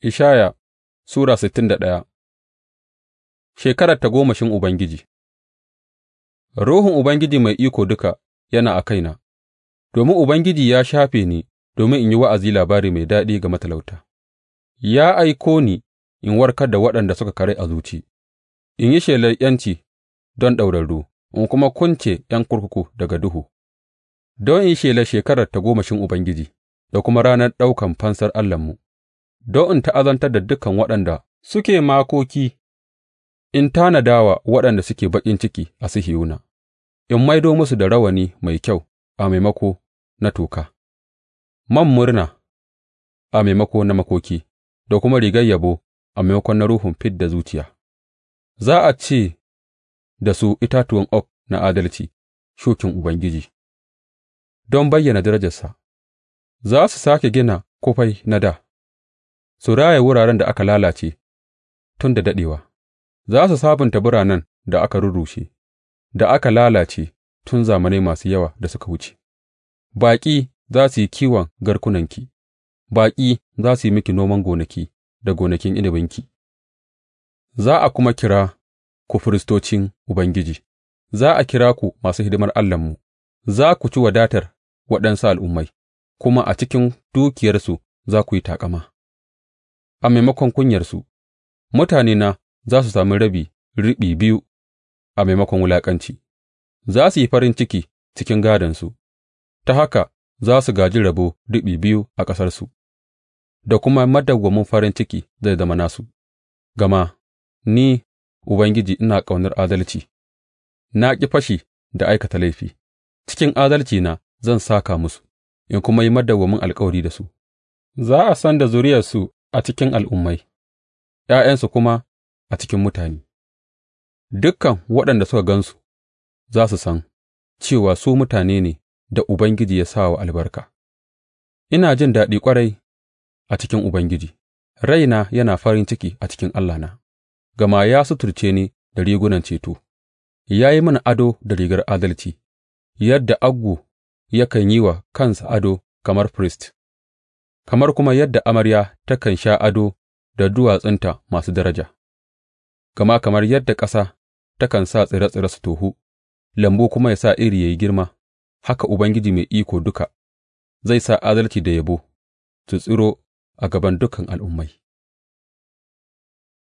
Ishaya Sura sittin da ɗaya. Shekarar shin Ubangiji Ruhun Ubangiji Mai Iko Duka yana a kaina, domin Ubangiji ya shafe ni domin in yi wa'azi labari mai daɗi ga matalauta, ya aiko ni in warkar da waɗanda suka kare a zuci, in yi shelar ’yanci don ɗaurarru, in kuma kunce ’yan kurkuku daga duhu, don in yi shelar shekarar shin Ubangiji da kuma ranar ɗaukan fansar Allahnmu. don in ta'azantar da dukan waɗanda suke makoki, in tanada wa waɗanda suke baƙin ciki a Sihiyona, in maido musu da rawani mai kyau a maimako na toka, man murna a maimako na makoki, da kuma rigar yabo a maimakon na ruhun fid da zuciya. Za a ce da su itatuwan oak na adalci, shukin Ubangiji, don bayyana darajarsa, za su sāke gina kufai na da. su raya wuraren da aka lalace tun da daɗewa, za su sabunta biranen da aka rurrushe, da aka lalace tun zamanai masu yawa da suka wuce. Baƙi za su yi kiwon garkunanki, baƙi za su yi miki noman gonaki da gonakin inabinki, za a kuma kira ku firistocin Ubangiji, za a kira ku masu hidimar Allahnmu, za ku ci wadatar waɗansu al'ummai, kuma a cikin dukiyarsu za ku yi taƙama. a maimakon kunyarsu, mutanena za su sami rabi riɓi biyu a maimakon wulaƙanci, za su yi farin ciki cikin gādonsu, ta haka za su gāji rabo riɓi biyu a ƙasarsu, da kuma madawwamin farin ciki zai zama nasu, gama ni, Ubangiji, ina ƙaunar adalci, na ƙi fashi da aikata laifi, cikin adalcina zan sāka musu, in kuma yi madawwamin alkawari da su. Za a san da zuriyarsu a cikin al'ummai, ’ya'yansu kuma a cikin mutane, dukan waɗanda suka gansu, za su san cewa su mutane ne da Ubangiji ya sa wa albarka. Ina jin daɗi ƙwarai a cikin Ubangiji, raina yana farin ciki a cikin Allahna, gama ya suturce ni da rigunan ceto, ya yi mana ado da rigar adalci, yadda aggu yakan yi wa kansa ado kamar firist. Kamar kuma yadda amarya takan sha ado da duwatsunta masu daraja, gama kamar yadda ƙasa takan sa tsire tsire su tohu, lambu kuma ya sa iri ya yi girma, haka Ubangiji Mai Iko Duka zai sa adalci da yabo su tsiro a gaban dukan al'ummai.